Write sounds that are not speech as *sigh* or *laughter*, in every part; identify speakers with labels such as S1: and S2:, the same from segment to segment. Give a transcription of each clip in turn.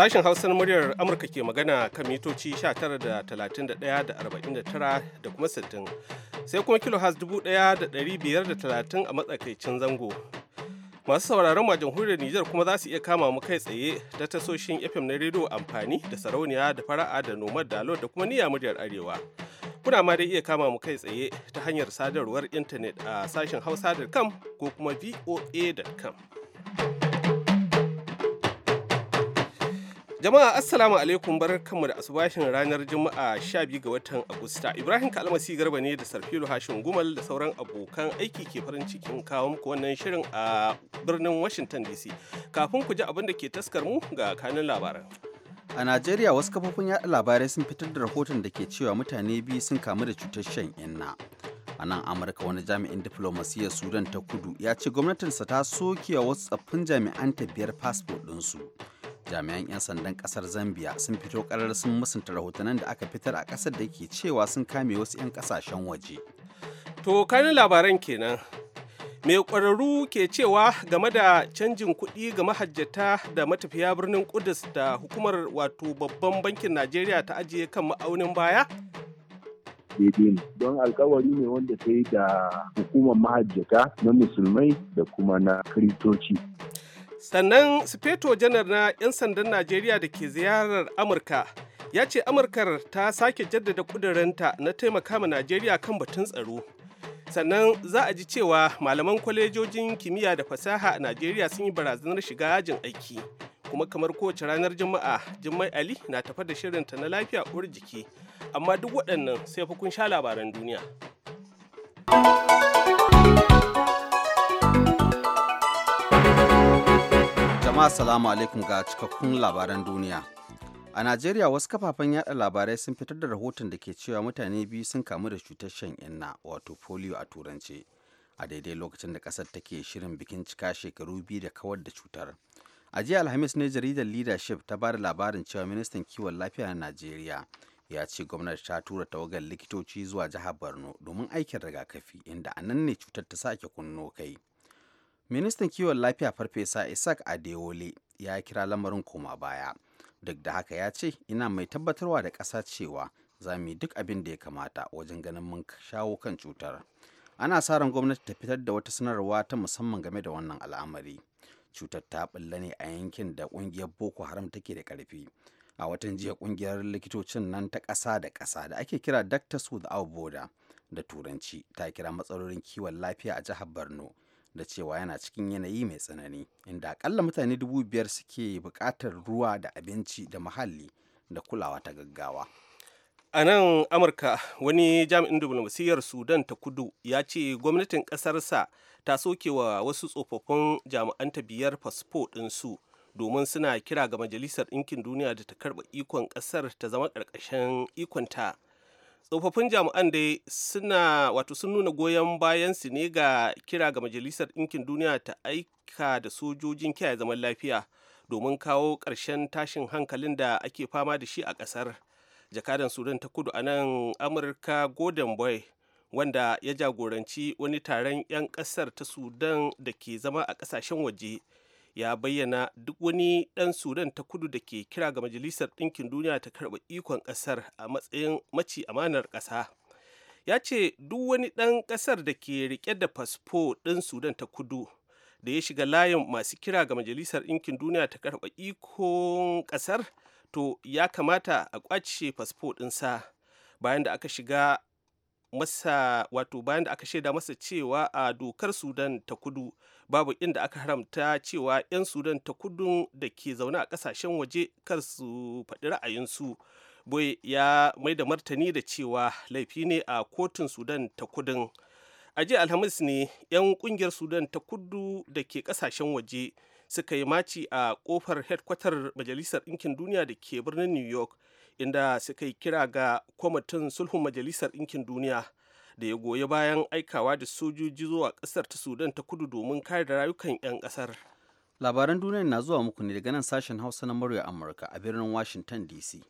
S1: Sashen Hausar muryar Amurka ke magana kan mitoci 19 da da da kuma 60. Sai kuma kilohaz 1530 a matsakaicin zango. Masu sauraron ma jamhuriyar Nijar kuma za su iya kama mu kai tsaye ta tasoshin FM na rediyo amfani da sarauniya da fara'a da nomad dalo da kuma niyya muryar arewa. Kuna ma dai iya kama mu kai tsaye ta hanyar sadarwar intanet a sashen hausa.com ko kuma voa.com. Jama'a Assalamu alaikum barkanmu da asubashin ranar Juma'a 12 ga watan Agusta. Ibrahim Kalmasi Garba ne da Sarfilu Hashin Gumal da sauran abokan aiki ke farin cikin kawo muku wannan shirin a birnin Washington DC. Kafin ku ji abin da ke taskar mu ga kanin labaran.
S2: A Najeriya wasu kafofin yaɗa labarai sun fitar da rahoton da ke cewa mutane biyu sun kamu da cutar shan inna. a nan amurka wani jami'in diflomasiyyar sudan ta kudu ya ce gwamnatinsa ta soke wasu tsaffin jami'an ta biyar fasfo ɗinsu. su jami'an 'yan sandan kasar zambia sun fito karar sun musunta rahotannin da aka fitar a kasar da ke cewa sun kame wasu 'yan kasashen waje
S1: to kanin labaran kenan mai ƙwararru ke cewa game da canjin kuɗi ga mahajjata da matafiya birnin kudus da hukumar wato babban bankin najeriya ta ajiye kan ma'aunin baya
S3: don alkawari ne wanda ta yi da hukumar mahajjata na musulmai da kuma na kiristoci
S1: sannan sufeto janar na 'yan sandan najeriya da ke ziyarar amurka ya ce amurkar ta sake jaddada kudurinta na taimaka ma najeriya kan batun tsaro sannan za a ji cewa malaman kwalejojin kimiyya da fasaha a najeriya sun yi barazanar shiga yajin aiki kuma kamar kowace ranar juma'a jummai ali na tafa da shirinta na lafiya uwar jiki amma duk waɗannan sai fa kun sha labaran duniya
S2: jama'a salamu alaikum ga cikakkun labaran duniya a najeriya wasu kafafen yada labarai sun fitar da rahoton da ke cewa mutane biyu sun kamu da cutar shan inna wato polio a turance a daidai lokacin da kasar take shirin bikin cika shekaru biyu da kawar da cutar a jiya alhamis ne jaridar leadership ta bada labarin cewa ministan kiwon lafiya na najeriya ya ce gwamnati ta tura tawagar likitoci zuwa jihar borno domin aikin rigakafi inda a nan ne cutar ta sake kunno kai ministan kiwon lafiya farfesa isaac adewole ya kira lamarin koma baya duk da haka ya ce ina mai tabbatarwa da ƙasa cewa za mu yi duk abin da ya kamata wajen ganin mun shawo kan cutar ana sa ran gwamnati ta fitar da wata sanarwa ta musamman game da wannan al'amari cutar ta bulla ne a yankin da ƙungiyar boko haram take da ƙarfi a watan jiya ƙungiyar likitocin nan ta ƙasa da ƙasa da ake kira doctors without border da turanci ta kira matsalolin kiwon lafiya a jihar borno da cewa yana cikin yanayi mai tsanani inda akalla mutane dubu biyar suke bukatar ruwa da abinci da muhalli da kulawa ta gaggawa
S1: a nan amurka wani jami'in diplomasiyyar sudan ta kudu ya ce gwamnatin ƙasarsa ta soke wa wasu tsofaffin ta biyar fasfo ɗinsu domin suna kira ga majalisar ɗinkin duniya da ta karɓa ikon ƙasar ta zama ƙarƙashin ikonta. tsofaffin jami'an dai suna wato sun nuna goyon bayan su ne ga kira ga majalisar ɗinkin duniya ta aika da sojojin kiyaye zaman lafiya domin kawo ƙarshen tashin hankalin da ake fama da shi a ƙasar jakadan sudan ta kudu a nan amurka golden boy wanda ya jagoranci wani taron 'yan ƙasar ta sudan da ke zama a ƙasashen waje ya bayyana duk wani ɗan sudan ta kudu da ke kira ga majalisar ɗinkin duniya ta karɓa ikon ƙasar a matsayin maci amanar ƙasa ya ce duk wani ɗan ƙasar da ke riƙe da fasfo ɗin sudan ta kudu da ya shiga layin masu kira ga majalisar ɗinkin duniya ta karɓa ikon ƙasar to ya kamata a ƙwace fasfo ɗinsa bayan da aka shiga masa wato bayan da aka shaida masa cewa a dokar sudan ta kudu babu inda aka haramta cewa 'yan sudan ta kudun da ke zaune a kasashen waje kar su faɗi ra'ayinsu boy ya mai da martani da cewa laifi ne a kotun sudan ta kudun a jiya alhamis ne 'yan kungiyar sudan ta kudu da ke kasashen waje suka yi maci a kofar headkwatar majalisar ɗinkin duniya da ke birnin new york inda suka yi kira ga kwamitin sulhun majalisar ɗinkin duniya da ya goyi bayan aikawa da sojoji zuwa ƙasar ta sudan ta kudu domin kare da rayukan 'yan ƙasar
S2: labaran duniya na zuwa muku ne daga nan sashen hausa na murya amurka a birnin washington dc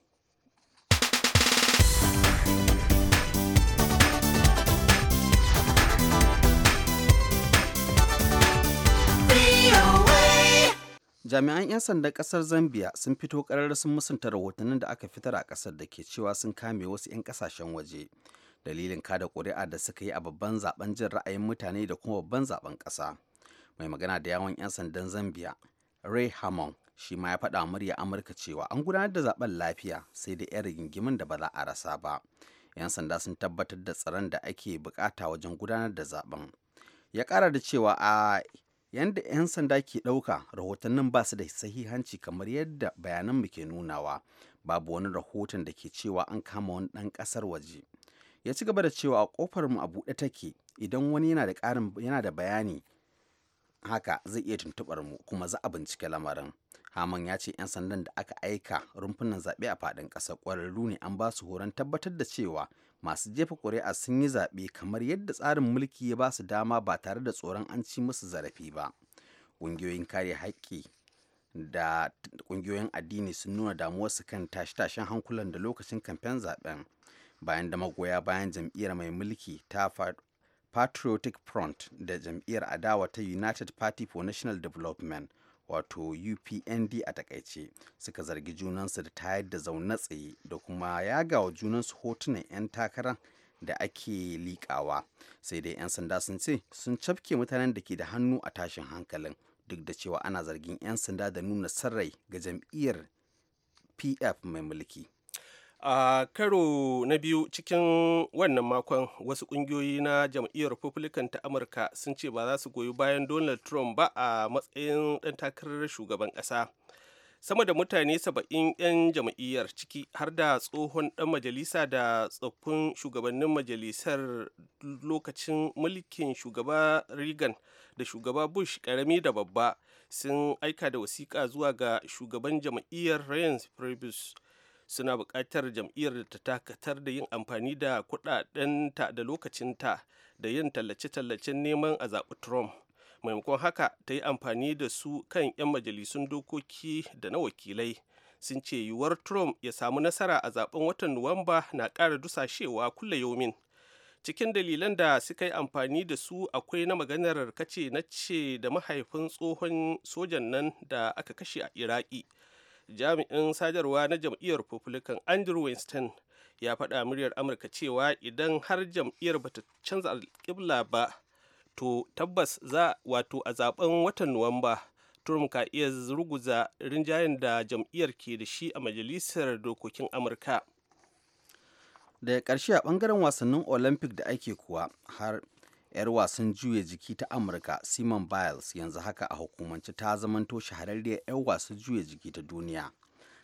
S2: jami'an 'yan sandan kasar zambia sun fito karar sun musanta rahotannin da aka fitar a kasar da ke cewa sun kame wasu 'yan kasashen waje dalilin kada ƙuri'a da suka yi a babban zaben jin ra'ayin mutane da kuma babban zaben ƙasa mai magana da yawon 'yan sandan zambia ray hammond shi ma ya faɗa murya amurka cewa an gudanar da zaben lafiya sai da 'yan rigingimin da ba za a rasa ba 'yan sanda sun tabbatar da tsaron da ake bukata wajen gudanar da zaben ya ƙara da cewa a yadda 'yan sanda ke ɗauka rahotannin ba su da sahihanci kamar yadda bayanan ke nunawa babu wani rahoton da ke cewa an kama wani ɗan ƙasar waje ya ci gaba da cewa a kofar mu a buɗe take idan wani yana da ƙarin yana da bayani haka zai iya tuntubar mu kuma za a bincike lamarin haman ya ce 'yan sandan da aka aika rumfunan zaɓe a faɗin ƙasa ƙwararru ne an ba su horon tabbatar da cewa masu jefa ƙuri'a sun yi zaɓe kamar yadda tsarin mulki ya ba su dama ba tare da tsoron an ci musu zarafi ba ƙungiyoyin kare haƙƙi da ƙungiyoyin addini sun nuna damuwarsu kan tashe-tashen hankulan da lokacin kamfen zaɓen bayan da magoya bayan jam'iyyar mai mulki ta patriotic front da jam'iyyar adawa ta united party for national development wato upnd a takaice suka zargi junansu da tayar da zaune tsaye da kuma yagawa junansu hotunan 'yan takarar da ake liƙawa sai dai 'yan sanda sun ce sun cafke mutanen da ke da hannu a tashin hankalin duk da cewa ana zargin 'yan sanda da nuna sarrai ga jam'iyyar pf mai mulki
S1: a karo na biyu cikin wannan makon wasu kungiyoyi na jam'iyyar republican ta amurka sun ce ba za su goyi bayan donald trump ba a matsayin ɗan takarar shugaban ƙasa sama da mutane saba'in 'yan jam'iyyar ciki har da tsohon ɗan majalisa da tsoffin shugabannin majalisar lokacin mulkin shugaba reagan da shugaba bush ƙarami da babba sun aika da wasiƙa zuwa ga shugaban jam'iyyar ryan previous suna buƙatar jam'iyyar ta takatar da yin amfani da kuɗaɗenta da lokacinta da yin tallace-tallacen neman a zaɓi trump maimakon haka ta yi amfani da su kan 'yan majalisun dokoki da na wakilai sun ce yiwuwar trump ya samu nasara a zaben watan nuwamba na ƙara dusashewa kulle yomin cikin dalilan da suka yi amfani da su akwai na maganar kace na ce da mahaifin tsohon sojan nan da aka kashe a iraki jami'in sadarwa na jam'iyyar republican andrew winston ya faɗa muryar amurka cewa idan har jam'iyyar ba ta canza alƙibla ba to tabbas za wato a zaben watan nuwamba turum ka iya ruguza rinjayen da jam'iyyar ke da shi a majalisar dokokin amurka
S2: daga ƙarshe a ɓangaren wasannin olympic da ake kuwa har 'yar wasan juya jiki ta amurka simon biles yanzu haka a hukumance ta zamanto shahararriyar 'yar wasan juya jiki ta duniya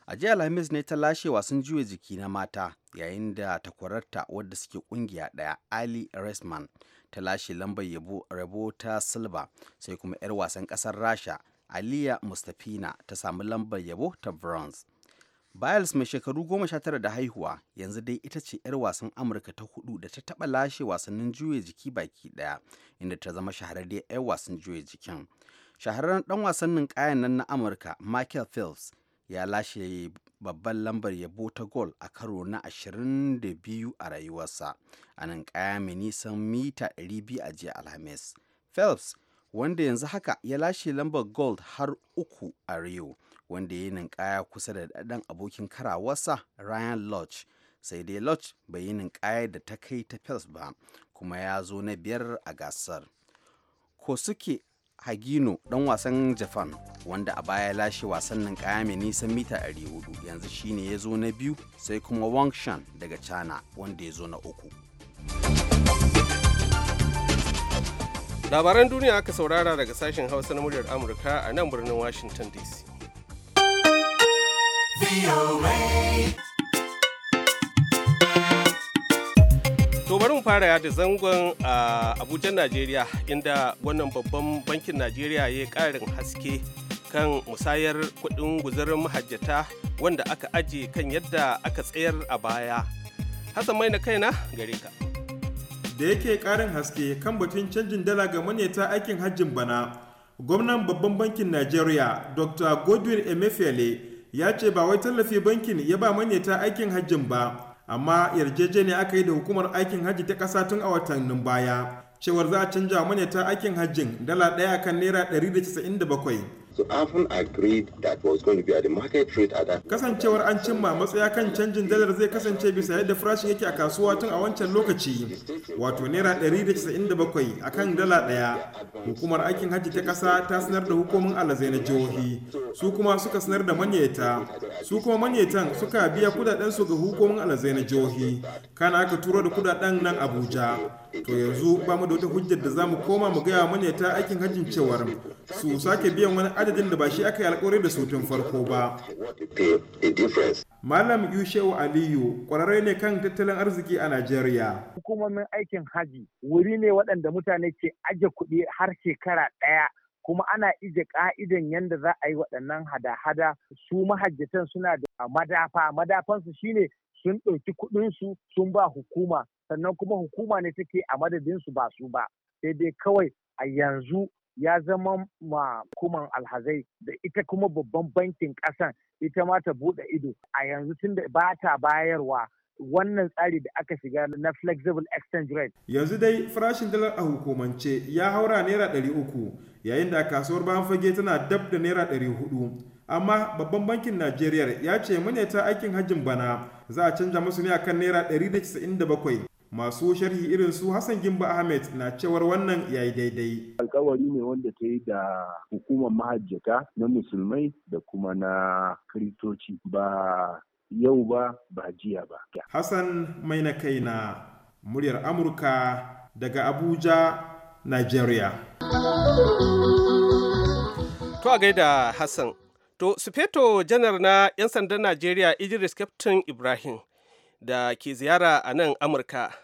S2: a jiya alhamis ne ta lashe wasan juya jiki na mata yayin da takwararta wadda suke kungiya daya ali resman ta lashe lambar yabo rabo ta silva sai kuma 'yar wasan kasar rasha aliya mustafina ta samu lambar yabo ta bronze Biles mai shekaru goma sha tara da haihuwa yanzu dai ita ce 'yar wasan Amurka ta hudu da ta taba lashe wasannin juya jiki baki ɗaya inda ta zama shahararriyar 'yar wasan juya jikin. Shahararren dan wasan ninkaya nan na Amurka Michael Phelps ya lashe babban lambar yabo ta gol a karo na ashirin da biyu a rayuwarsa a nan kaya mai nisan mita 200 a jiya Alhamis. Phelps wanda yanzu haka ya lashe lambar gold har uku a Rio wanda ya yi ninkaya kusa da ɗan abokin karawarsa Ryan Lodge. Sai dai Lodge bai yi ninkaya da ta kai ta Pels ba, kuma ya zo na biyar a gasar. kosuke Hagino ɗan wasan Japan wanda a baya lashe wasan ninkaya mai nisan mita 400 yanzu shine ya zo na biyu sai kuma Wang Shan daga China wanda ya zo na uku.
S1: Labaran duniya aka saurara daga sashen Hausa na muryar Amurka a nan birnin Washington DC. To bari mu fara da zangon a Abuja Najeriya inda wannan babban bankin Najeriya ya yi ƙarin haske kan musayar kudin guzarin mahajjata wanda aka aje kan yadda aka tsayar a baya. Hassan mai na kaina gare ka. Da yake ƙarin haske
S3: kan batun canjin dala ga maneta aikin hajjin bana, gwamnan babban bankin Najeriya Dr. Godwin Emefiele ya ce ba wai tallafi bankin ya ba manyata aikin hajjin ba amma yarjejeniya aka yi da hukumar aikin hajji ta ƙasa tun a watannin baya cewar za a canja manyata aikin hajjin dala ɗaya kan naira 197 So often agreed that was going to be at the market rate at that. Kasancewar an cimma matsaya kan canjin dalar zai kasance bisa yadda farashin yake a kasuwa tun a wancan lokaci wato naira 197 akan dala ɗaya. Hukumar aikin hajji ta ƙasa ta sanar da hukumin alazai na jihohi su kuma suka sanar da manyata su kuma manyatan suka biya su ga hukumin alazai na jihohi kana aka turo da kudaden nan abuja to yanzu ba mu da wata hujjar da zamu koma mu gaya manyata aikin hajjin cewar su sake biyan wani adadin da ba shi aka yi alkawari da su tun farko ba malam yushewu aliyu kwararre ne kan tattalin arziki a najeriya
S2: hukumomin aikin haji wuri ne waɗanda mutane ke aje kuɗi har shekara ɗaya kuma ana ije ka'idan yadda za a yi waɗannan hada-hada su mahajjatan suna da madafa madafansu shine sun ɗauki kuɗinsu sun ba hukuma sannan kuma hukuma ne take a madadinsu ba su ba sai dai kawai a yanzu ya zama ma hukumar alhazai da ita kuma babban bankin ƙasan ita ma ta buɗe ido a yanzu tunda ba ta
S4: bayarwa wannan tsari da aka shiga na flexible exchange rate. Yanzu dai
S3: farashin dalar a hukumance ya haura naira ɗari uku yayin da kasuwar bayan fage tana dab da naira 400 amma babban bankin najeriya ya ce mune ta aikin hajjin bana za a canza musu ne akan naira 197 masu sharhi irin su hassan gimba ahmed na cewar wannan yayi daidai alkawari ne wanda ta yi da hukumar mahajjata na musulmai da kuma na kristoci ba yau ba ba jiya ba hassan mai na kai na muryar amurka daga abuja Najeriya.
S1: To a gaida Hassan. To, Sufeto janar na 'yan sandan Najeriya Idris Captain Ibrahim da ke ziyara a nan Amurka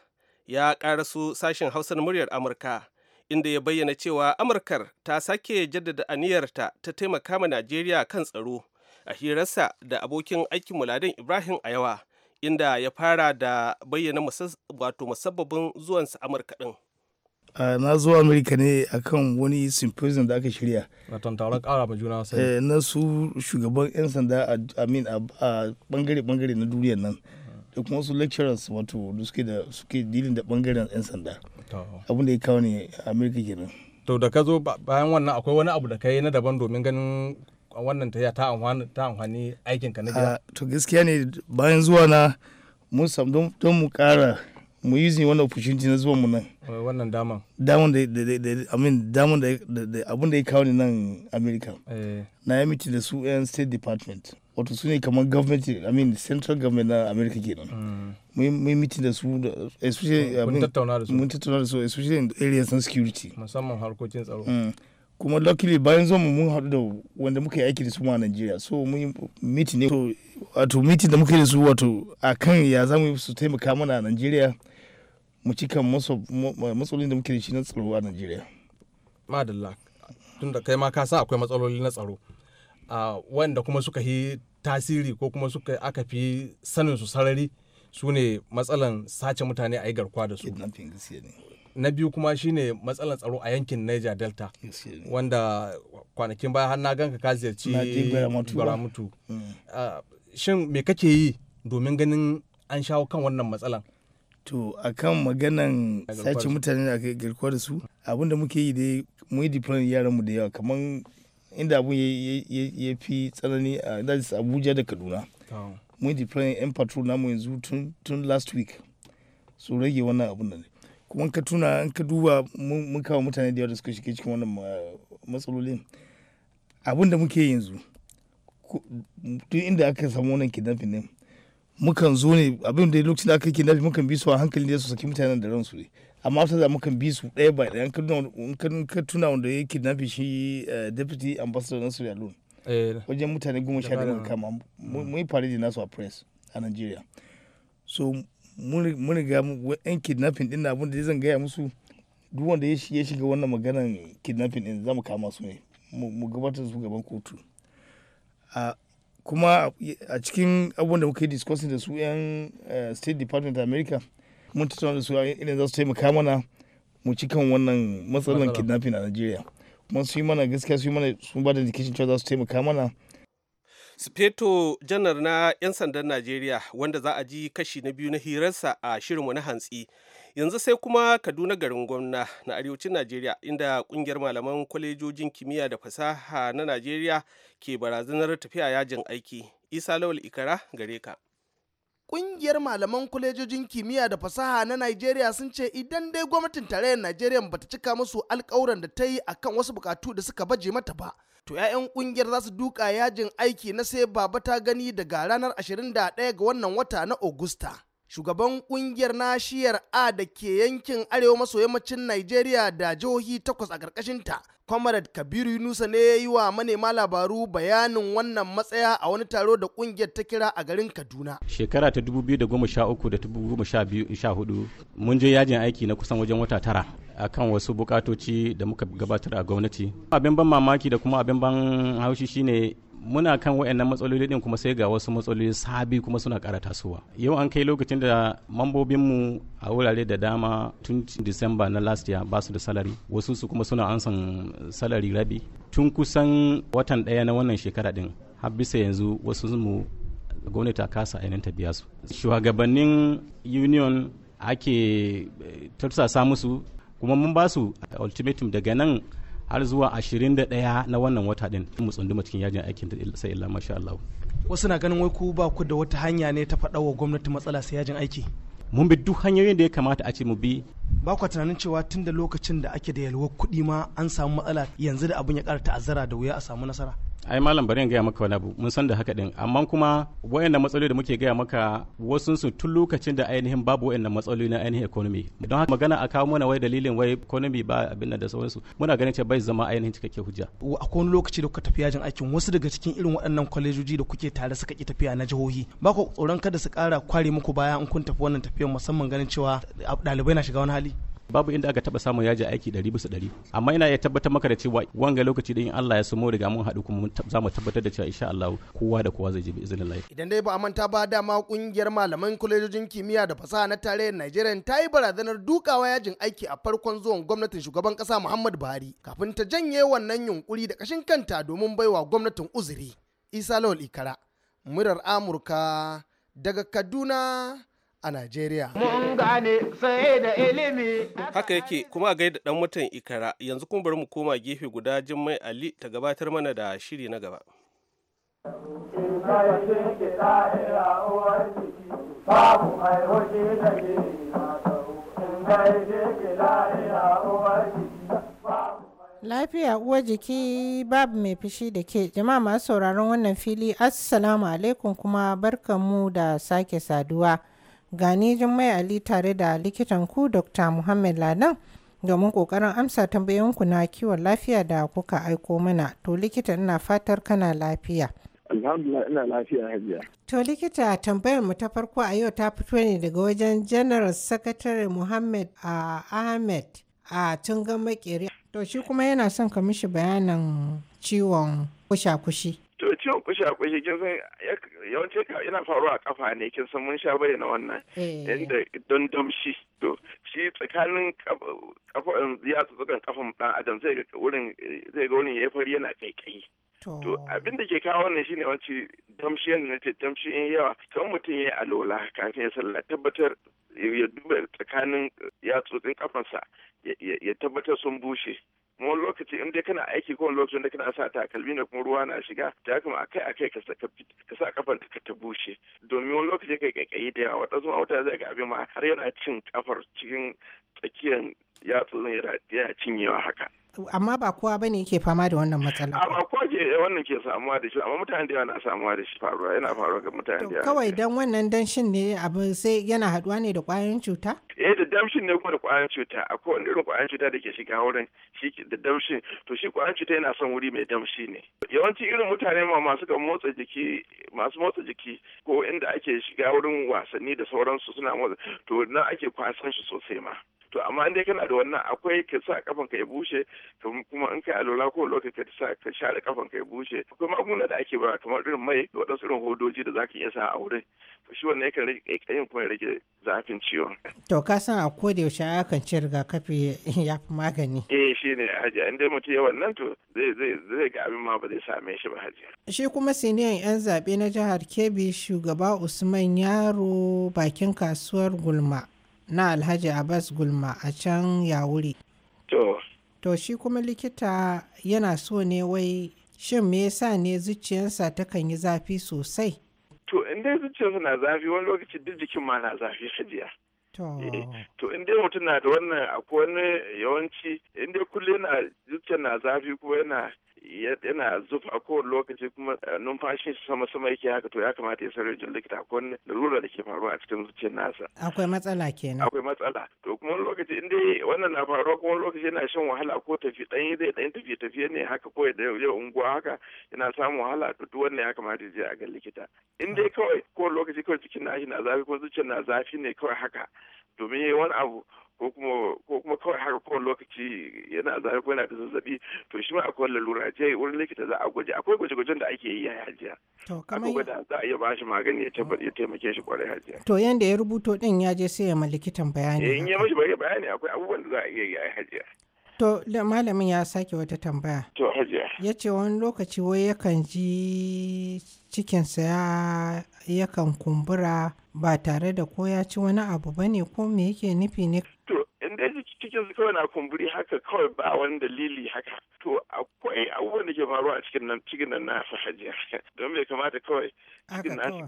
S1: ya karasu sashen hausan muryar Amurka inda ya bayyana cewa Amurkar ta sake jaddada aniyarta ta taimaka ma Najeriya kan tsaro a hirarsa da abokin aikin Muladin Ibrahim a yawa inda ya fara da bayyana wato musabbabin zuwansa Amurka ɗin.
S5: na zuwa amerika ne akan wani symposium da aka shirya watan taron
S1: kara ma juna sai eh,
S5: na su shugaban yan sanda a bangare bangare na duniyar nan da kuma su lecturers wato da suke da suke dilin da bangaren yan sanda abin da ya kawo
S1: ne amerika kenan to da ka zo bayan wannan akwai wani abu da ka yi na daban domin ganin wannan ta ta amfani aikinka na gida
S5: to gaskiya ne bayan zuwa na mun samu don mu kara mu using wannan opportunity na zuwa mu nan wannan daman daman da i mean daman da abin da ya kawo ni nan america eh. na ya miti da su yan state department wato su ne kamar government i mean central government na america kenan hmm. mun miti da su especially mun tattauna da su especially in areas na security
S6: musamman harkokin tsaro hmm.
S5: kuma luckily bayan zuwa mun haɗu da wanda muka yi aiki da su ma Najeriya so mun yi meeting ne wato meeting da muka yi da su wato a kan ya za mu su taimaka mana a Najeriya mu cika matsalolin da muke da shi na tsaro a Najeriya.
S1: Madalla, tun da kai ma ka sa akwai matsaloli na tsaro. Ah, wanda kuma suka yi tasiri ko kuma suka aka fi sanin su sarari su ne matsalan sace mutane a yi garkuwa da su. Na biyu kuma shine matsalan tsaro a yankin Niger Delta wanda kwanakin baya har na ganka ka ziyarci mutu. Mm. Ah, shin me kake yi domin ganin an shawo kan wannan matsalan to kan maganan sace mutane da aka garkuwa
S5: da su abin da muke yi dai mun yi deploying yaran mu da yawa kamar inda abun ya fi tsanani a abuja da kaduna mun yi deploying yan patrol namu yanzu tun last week su rage wannan abun nan kuma ka tuna an ka duba mun kawo mutane da yawa da suka shige cikin wannan matsalolin abin da muke yanzu duk inda aka samu wannan kidnapping din mukan zo ne abin da lokacin da aka yi kidnapping mukan bi su a hankali ne su saki mutanen da ransu ne amma wata za mukan bi su ɗaya ba ɗaya in ka tuna wanda ya kidnapping shi eh, deputy ambassador na Sierra Leone eh. wajen mutane goma sha da kama mun mm. yi fariji nasu a press a Nigeria so mun riga yan kidnapping din abin da zan gaya musu duk wanda ya shiga wannan maganar kidnapping din za mu kama su ne mu gabatar su gaban kotu ah, kuma a cikin abubuwan da muka yi discussing da su 'yan eh, state department of america mun tattauna da su idan za su taimaka mana mu ci kan wannan matsalar kidnapping a nigeria kuma su yi mana gaskiya su yi mana sun ba da indication cewa za su taimaka mana
S1: Sufeto janar na 'yan sandan Najeriya wanda za a ji kashi na biyu na hirarsa a shirinmu na hantsi yanzu sai kuma kaduna garin gwamna na arewacin najeriya inda kungiyar malaman kwalejojin kimiyya da fasaha na najeriya ke barazanar tafiya yajin aiki isa lawal ikara gare ka
S4: kungiyar malaman kwalejojin kimiyya da fasaha na Najeriya sun ce idan dai gwamnatin tarayyar Najeriya ba ta cika musu alkawuran da ta yi akan wasu bukatu da suka baje mata ba. To 'ya'yan ƙungiyar za su duka yajin aiki na sai baba ta gani daga ranar 21 ga wannan wata na Ogusta. shugaban kungiyar nashiyar a da ke yankin arewa maso yammacin nigeria da jihohi takwas a ƙarƙashinta comrade kabiru yunusa ne ya yi wa manema labaru bayanin wannan matsaya a wani taro da kungiyar ta kira a garin kaduna
S6: shekara ta 2013 da 2014 mun je yajin aiki na kusan wajen wata tara akan wasu bukatoci da muka gabatar a gwamnati abin ban mamaki da kuma abin ban haushi shine muna kan na matsaloli din kuma sai ga wasu matsaloli sabi kuma suna kara tasowa yau an kai lokacin da mambobinmu a wurare da dama tun disamba na last year ba su da salari wasu su kuma suna ansan salari rabi tun kusan watan ɗaya na wannan shekara ɗin har bisa yanzu wasu mu gwamnati ta kasa ainihin ta biya su shugabannin union ake eh, tursasa musu kuma mun ba su ultimatum daga nan har zuwa 21 na wannan wata din mu tsunduma cikin yajin aikin da sai illa masha Allah
S4: wasu na ganin wai ku ba ku da wata hanya ne ta faɗawa gwamnati matsala sai yajin aiki
S6: mun bi duk hanyoyin da ya kamata a ce mu bi
S4: ba ku tunanin cewa tun da lokacin da ake da yalwar kuɗi ma an samu matsala yanzu da abin ya ƙara ta'azzara da wuya a samu nasara
S6: ai malam bari in gaya maka wani abu mun san da haka din amma kuma wayannan matsaloli da muke gaya maka wasu su tun lokacin da ainihin babu wayannan matsaloli na ainihin economy don haka magana a kawo mana wai dalilin wai economy ba abin da sauransu muna ganin cewa bai zama ainihin cikakke hujja
S4: akwai wani lokaci da kuka tafi yajin aikin wasu daga cikin irin waɗannan kwalejoji da kuke tare suka ki tafiya na jihohi ba ku tsoron kada su ƙara kware muku baya in kun tafi wannan tafiyar musamman ganin cewa ɗalibai na shiga wani hali
S6: babu inda aka taba samun yaji aiki ɗari bisa ɗari amma ina iya tabbatar maka da cewa wanga lokaci din Allah ya samu daga mun haɗu kuma za mu tabbatar da cewa insha Allah kowa da kowa zai ji bi Allah
S4: idan dai ba a manta ba dama kungiyar malaman kwalejojin kimiyya da fasaha na tarayyar Najeriya ta yi barazanar dukawa yajin aiki a farkon zuwan gwamnatin shugaban kasa Muhammadu Buhari kafin ta janye wannan yunkuri da kashin kanta domin baiwa gwamnatin uzuri Isa Lawal Ikara murar Amurka daga Kaduna a Najeriya. Mun gane saye da ilimi.
S1: Haka yake kuma a gaida dan watan Ikara yanzu kuma bari mu koma gefe guda mai Ali ta gabatar mana da shiri na gaba.
S7: Lafiya uwa jiki babu mai fushi da ke jama'a masu sauraron wannan fili assalamu alaikum kuma barkanmu da sake saduwa. gani Jummai Ali tare da likitan ku Dr. Muhammad Ladan domin kokarin amsa tambayoyinku na kiwon lafiya da kuka aiko mana. To likita ina fatar kana lafiya.
S8: Alhamdulillah ina lafiya hajiya.
S7: To likita tambayar mu ta farko a yau ta fito ne daga wajen General Secretary Muhammad Ahmed a Tungan Makere. To shi kuma yana son ka mishi bayanin ciwon kusha-kushi.
S8: to ciwon kushe a kushe kin san yawanci yana faruwa a kafa ne kin san mun sha bai na wannan eh. yadda don damshi to shi tsakanin kafan ya tsukan kafan dan adam zai ga wurin zai ga wurin yayi fari yana kai to abin da ke kawo wannan shine wanci damshi yana na damshi in yawa kan mutum ya yi alola kafin ya sallah tabbatar ya duba tsakanin yatsu din kafansa ya tabbatar sun bushe wani lokaci in dai kana aiki ko wani lokaci da kana sa takalmi na kuma ruwa na shiga ta kuma akai akai ka sa ka kafar ka ta bushe domin wani lokaci kai kaikayi da yawa wata zuwa wata zai ga abin ma har yana cin kafar cikin tsakiyar yatsun yana cinyewa haka
S7: amma ba kowa bane yake fama da wannan matsala
S8: a kowa ke wannan ke samuwa da shi amma mutane da yawa na samuwa da shi faruwa yana faruwa ga mutane da yawa kawai
S7: dan wannan danshin ne abu sai yana haduwa ne da kwayoyin cuta
S8: eh da damshin ne kuma da kwayoyin cuta akwai wani irin kwayoyin cuta da ke shiga wurin shi da damshin to shi kwayoyin cuta yana son wuri mai damshi ne yawanci irin mutane ma masu ga motsa jiki masu motsa jiki ko inda ake shiga wurin wasanni da sauransu suna motsa to na ake kwasan shi sosai ma to amma in dai kana da wannan akwai ka sa kafan ka ya bushe kuma in kai alola ko lokaci ka sa ka share kafan ka ya bushe akwai magunguna da ake ba kamar irin mai da wadansu irin hodoji da zaka iya sa a wurin to shi wannan yakan rage kayan kuma ya rage zafin ciwon
S7: to ka san a ko da yaushe akan ce rigakafi ya fi magani
S8: eh shine haji in dai mutum ya wannan to zai zai zai ga abin ma ba zai same shi ba haji
S7: shi kuma siniyan yan zabe na jihar Kebbi shugaba Usman Yaro bakin kasuwar Gulma na alhaji abbas gulma a can yawuri to to shi kuma likita yana so ne wai shin me yasa ne zuciyarsa ta kan yi zafi sosai
S8: to inda dai zuciyarsa na zafi wani lokaci duk jikin ma na zafi hajiya
S7: to eh,
S8: inda dai mutum na da wannan akwai wani yawanci inda dai kullum yana zuciya na zafi kuma yana yana zufa a kowane lokaci kuma eh, numfashin sama sama yake haka to ya kamata ya sarari jin likita akwai lura da ke faruwa a cikin zuciyar nasa
S7: akwai matsala kenan
S8: akwai matsala to kuma lokaci in dai wannan na faruwa kuma lokaci yana shan wahala ko tafi dan zai dan tafi tafiye ne haka ko ya yau unguwa haka yana samun wahala to duk wannan ya kamata ya je a ga likita in dai kawai ko lokaci kawai cikin nashi na zafi ko zuciyar na zafi ne kawai haka domin yayi wani abu ko kuma ko kuma kawai haka kowane lokaci yana zafi ko yana da zazzabi to shi ma akwai lalura je wurin likita za a gwaje akwai gwaje-gwajen da ake yi a hajiya to kamar gwada za a iya ba shi magani ya tabbata oh. ya taimake shi kwarai hajiya
S7: to yanda ya rubuto din ya je sai ya ma likitan bayani eh in ya mashi
S8: bayani akwai abubuwan da za a iya yi a hajiya
S7: To malamin ya sake wata tambaya. To hajiya. Ya ce wani lokaci wai yakan ji cikinsa ya yakan kumbura ba tare da ko ya ci wani abu ba ne ko me yake nufi ne? To
S8: in cikin su kawai na kumburi haka kawai ba wani dalili haka. To akwai abubuwan da ke faruwa a cikin nan cikin nan na nasa hajiya. *laughs* Don bai kamata kawai cikin shi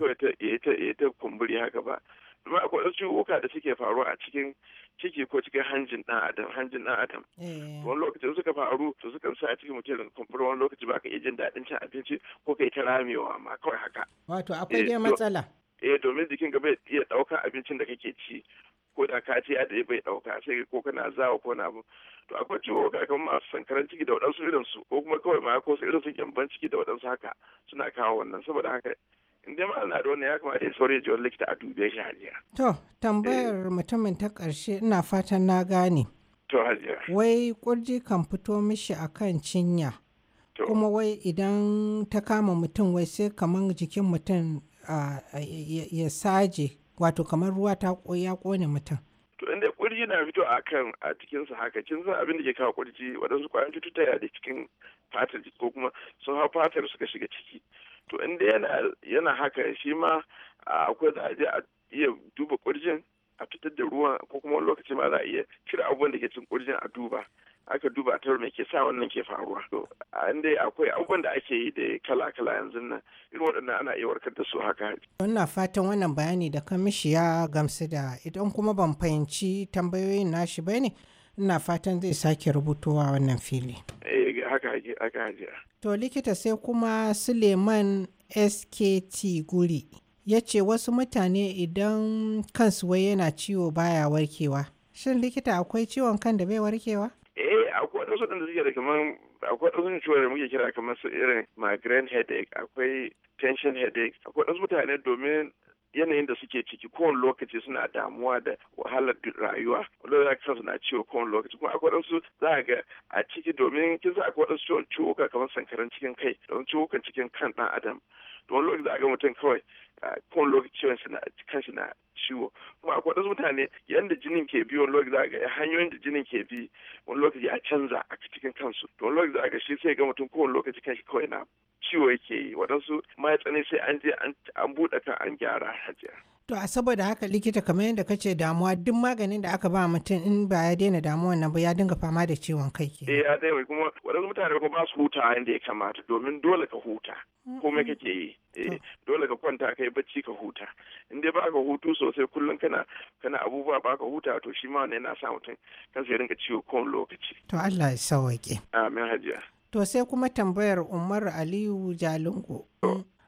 S8: kawai ta kumburi haka ba. kuma akwai wasu wuka da suke faruwa a cikin ciki ko cikin hanjin dan adam hanjin dan adam eh. wani lokaci suka faru to suka sa a cikin mutum kumfur wani lokaci ba ka iya jin daɗin cin abinci ko ka yi ta ramewa ma kawai haka
S7: wato akwai dai eh, matsala
S8: eh domin jikin gaba iya ɗaukar abincin da kake ci ko da ka ce da bai ɗauka sai ko kana zawa ko na to akwai ciwo ga kan masu sankaran ciki da waɗansu irinsu ko kuma kawai ma ko su irin su ban ciki da waɗansu haka suna kawo wannan saboda haka in dai na da ya kamata ya saurayi ji wani likita a dubiyar shi hajiya.
S7: to tambayar eh. mutumin ta karshe ina fatan na gane. to hajiya. wai kurji kan fito mishi a kan cinya. kuma wai idan ta kama mutum wai sai kamar jikin mutum ya saje wato kamar ruwa ta ya kone mutum.
S8: to inda kurji na fito a kan a cikinsa haka kin san abin da ke kawo kurji waɗansu ƙwayoyin cututtuka da cikin fatar ko kuma sun hau fatar suka shiga ciki to inda yana haka shi ma akwai a je a iya duba kurjin a fitar da ruwan ko kuma wani lokaci ma za a iya cire abubuwan da ke cin kurjin a duba aka duba a tarar ke sa wannan ke faruwa to inda akwai abubuwan da ake yi da kala kala yanzu nan irin waɗannan ana iya warkar da su haka
S7: wannan fatan wannan bayani da kamishi ya gamsu da idan kuma ban fahimci tambayoyin nashi bane ina fatan zai sake rubutowa wannan fili
S8: eh aka ajiya.
S7: To likita sai kuma Suleiman SKT guri ya ce wasu mutane idan kansu wai yana ciwo baya warkewa. Shin likita akwai ciwon kan da bai warkewa?
S8: Eh akwai wasu da suke da kamar akwai wasu ciwon da muke kira kamar su irin migraine headache akwai tension headache akwai wasu mutane domin yanayin da suke ciki kowane lokaci suna damuwa da wahalar rayuwa wanda za ka suna ciwo kowane lokaci kuma akwai wadansu za ga a ciki domin kin sa akwai waɗansu ciwuka kamar sankaran cikin kai don ciwukan cikin kan ɗan adam to wani lokaci da a mutum kawai kowane lokaci ciwon shi na kan shi na ciwo kuma akwai wasu mutane yadda jinin ke bi wani lokaci da aka hanyoyin da jinin ke bi wani lokaci a canza a cikin kansu to wani lokaci da a shi sai ga mutum kowane lokaci kan shi kawai na ciwo yake yi waɗansu ma ya tsane sai an je an buɗe kan an gyara hajiya.
S7: To a saboda haka likita kamar yadda kace damuwa duk maganin da aka ba mutum in ba ya daina damuwa na ba ya dinga fama da ciwon kai
S8: ke. Eh a tsaye kuma wadansu mutane ko ba su huta inda ya kamata domin dole ka huta. Komai kake yi. Eh, dole ka kwanta kai bacci ka huta in dai ba ka hutu sosai kullum kana kana abubuwa ka huta to shi ma wannan yana sa mutum kan ya dinga ciwo kowane lokaci
S7: to Allah ya sauke
S8: amin hajiya
S7: to sai kuma tambayar Umar Aliyu Jalingo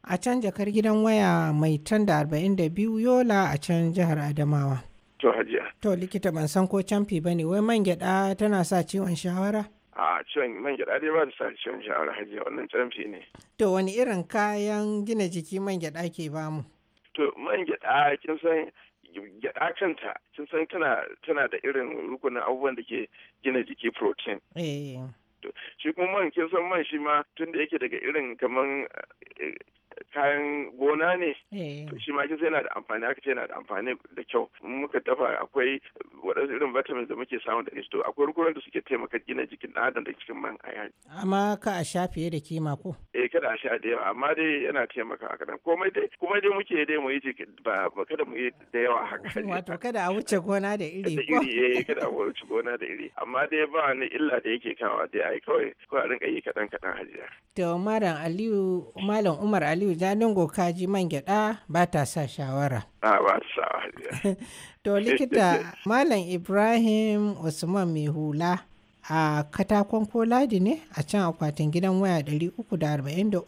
S7: a can jakar gidan waya mai tan da arba'in da biyu yola a can jihar adamawa to hajiya to likita ban san ko camfi ba ne wai man gyada tana sa ciwon shawara
S8: a ciwon man gyada dai ba ta sa ciwon shawara hajiya wannan canfi ne
S7: to wani irin kayan gina jiki man gyada ke bamu
S8: to man gyada kin san gyada kanta kin san tana tana da irin rukunin abubuwan da ke gina jiki protein eh. shi kuma man kin san man shi ma tun da yake daga irin kaman eh, kayan gona ne eh. shi ma kisa yana da amfani aka ce yana da amfani da kyau muka dafa akwai waɗansu irin vitamins da muke samu da isto akwai rukunan da suke taimaka gina jikin ɗan adam da cikin man aya
S7: amma ka a sha fiye da kima ko
S8: eh kada a sha da yawa amma dai yana taimaka haka nan komai dai kuma dai muke dai mu yi ba kada mu yi da yawa
S7: haka *laughs* wato kada a wuce gona da iri ko iri eh kada a
S8: wuce gona da iri amma dai ba ni illa da yake kawo dai ai kawai ko a rinka yi kaɗan kaɗan hajiya
S7: to malam Aliyu malam Umar Aliyu Aliyu Jalin Gokaji man gyada ba ta sa shawara. A
S8: ba ta
S7: *laughs* To likita *laughs* Malam Ibrahim Usman mai hula a katakon ko ladi ne a can akwatin gidan waya 343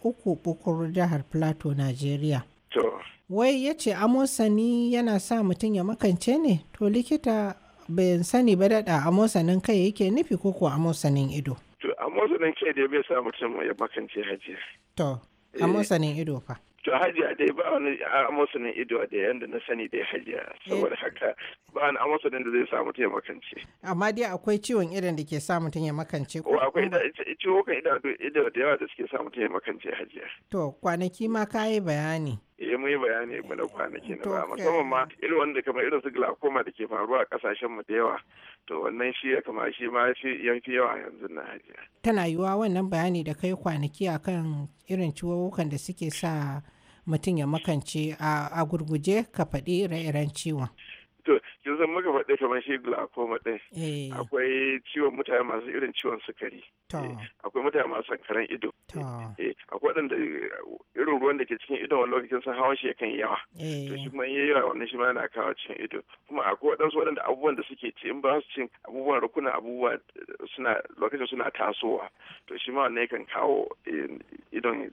S7: bukuru jihar Plateau, Najeriya. To. Wai ya ce amosani yana sa mutum ya makance ne? To likita bai sani ba daɗa amosanin kai yake nufi ko ko amosanin ido.
S8: To amosanin kai da bai sa mutum ya makance hajiya.
S7: To. a musanin ido fa
S8: to hajiya dai ba wani musanin ido da yanda na sani dai hajiya saboda eh. haka ba wani musanin da zai sa mutum ya makance
S7: amma dai akwai ciwon irin da ke sa mutum ya makance ko akwai
S8: ciwon ido da yawa da suke sa mutum ya makance hajiya
S7: to kwanaki ma ka yi bayani
S8: Iye eh, mu yi bayani mu na kwanaki na ba musamman ma irin wanda kamar irin su glaucoma da ke faruwa a kasashen mu da yawa to wannan shi ya kama shi ma shi yanki yawa yanzu na hajiya
S7: tana yiwuwa wannan bayani da kai kwanaki akan irin ciwuwukan da suke sa mutum ya makance a gurguje ka faɗi ire ciwon
S8: to kin san muka faɗi kamar shi glaucoma din eh. akwai ciwon mutane masu irin ciwon sukari eh, akwai mutane masu sankaran ido akwai waɗanda eh, irin ruwan da ke cikin ido wani lokacin sun hawa shi ya kan yawa eh. to shi kuma yayi yawa wannan shi ma yana kawo cikin ido kuma akwai waɗansu waɗanda abubuwan da suke ci in ba su cin abubuwan rukunan abubuwa eh, suna lokacin suna tasowa to shi ma wannan yakan kawo idon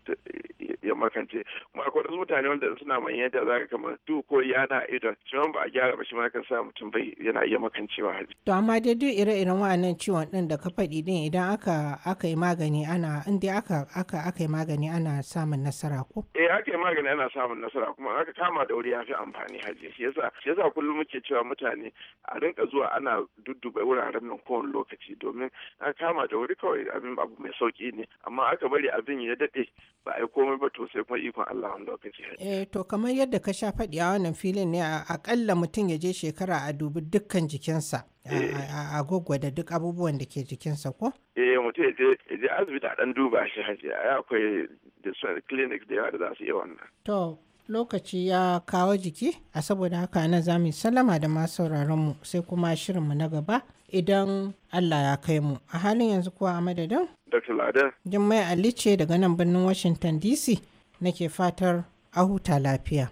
S8: ya makance kuma akwai waɗansu mutane wanda suna manyan da zaka kamar duk ko yana idon shi ma ba a gyara ba shi ma kan sa mutum bai yana iya makancewa haji.
S7: to amma dai duk ire-iren wa'annan ciwon ɗin da ka faɗi ɗin idan aka aka yi magani ana in dai aka aka aka yi magani magani ana samun nasara ko?
S8: Eh ake magani ana samun nasara kuma aka kama da wuri ya fi amfani haji shi yasa shi yasa kullum muke cewa mutane a rinka zuwa ana dudduba wuraren nan kowane lokaci domin aka kama da wuri kawai abin abu mai sauki ne amma aka bari abin ya daɗe ba a yi komai ba to sai kuma ikon Allah wani lokaci.
S7: Eh to kamar yadda ka sha faɗi a wannan filin ne a akalla mutum ya je shekara a dubi dukkan jikinsa. a eh. da duk abubuwan da ke jikinsa ko?
S8: Eh mutum ya je asibiti a ɗan duba shi haji a akwai da su clinic da yawa da za su yi wannan.
S7: To lokaci ya kawo jiki a saboda haka na za mu sallama da masu mu sai kuma shirin mu na gaba idan Allah ya kai mu a halin yanzu kuwa a madadin?
S8: Dr. Lada.
S7: Jummai Ali ce daga nan birnin Washington DC nake fatar a huta lafiya.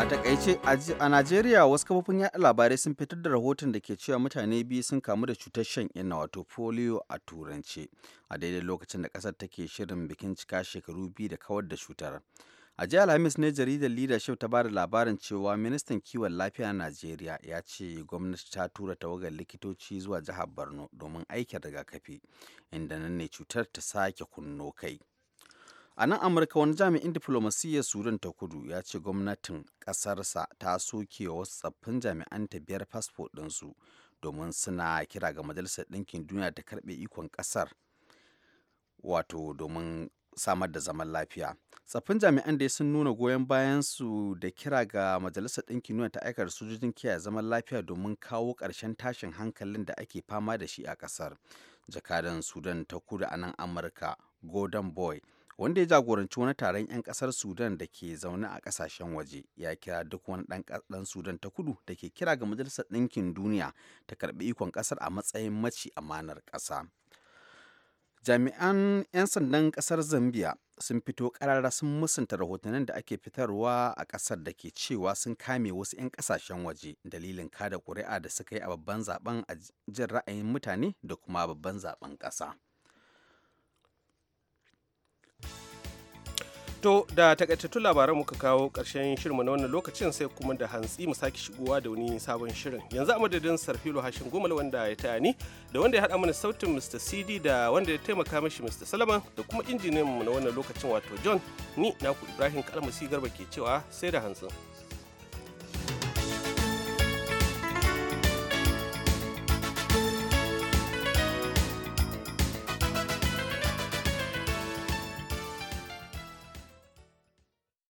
S2: A takaice a Najeriya wasu kafofin yaɗa labarai sun fitar da rahoton da ke cewa mutane biyu sun kamu da cutar shan inna wato polio a turance a daidai lokacin da ƙasar take shirin bikin cika shekaru biyu da kawar da cutar. A jiya Alhamis ne jaridar Leadership ta bada labarin cewa ministan kiwon lafiya na Najeriya ya ce gwamnati ta tura tawagar likitoci zuwa jihar Borno domin aikin rigakafi inda nan ne cutar ta sake kunno kai. a nan amurka wani jami'in diflomasiyyar sudan ta kudu ya ce gwamnatin kasarsa ta soke wasu tsaffin jami'an ta biyar fasfo ɗinsu domin suna kira ga majalisar ɗinkin duniya ta karɓe ikon ƙasar wato domin samar da zaman lafiya tsaffin jami'an da sun nuna goyon bayan su da kira ga majalisar ɗinkin duniya ta aikar sojojin kiyaye zaman lafiya domin kawo ƙarshen tashin hankalin da ake fama da shi a ƙasar jakadan sudan ta kudu a nan amurka golden boy wanda ya jagoranci wani taron 'yan kasar sudan da ke zaune a kasashen waje ya kira duk wani dan sudan ta kudu da ke kira ga majalisar ɗinkin duniya ta karbi ikon kasar a matsayin maci amanar ƙasa jami'an 'yan sandan kasar zambia sun fito karara sun musanta rahotannin da ake fitarwa a kasar da ke cewa sun kame wasu 'yan kasashen waje dalilin kada ƙuri'a da suka yi a babban zaben a jin ra'ayin mutane da kuma babban zaben ƙasa. To da takaitattun
S1: labaran muka kawo ƙarshen shirinmu na wannan lokacin sai kuma da hantsi mu sake shigowa da wani sabon shirin. Yanzu a madadin Sarfilo Hashin Gumal wanda ya taya ni da wanda ya haɗa mana sautin Mr. CD da wanda ya taimaka mishi Mr. Salaman da kuma injiniyan mu na wannan lokacin wato John ni naku Ibrahim Kalmasi Garba ke cewa sai da hantsin.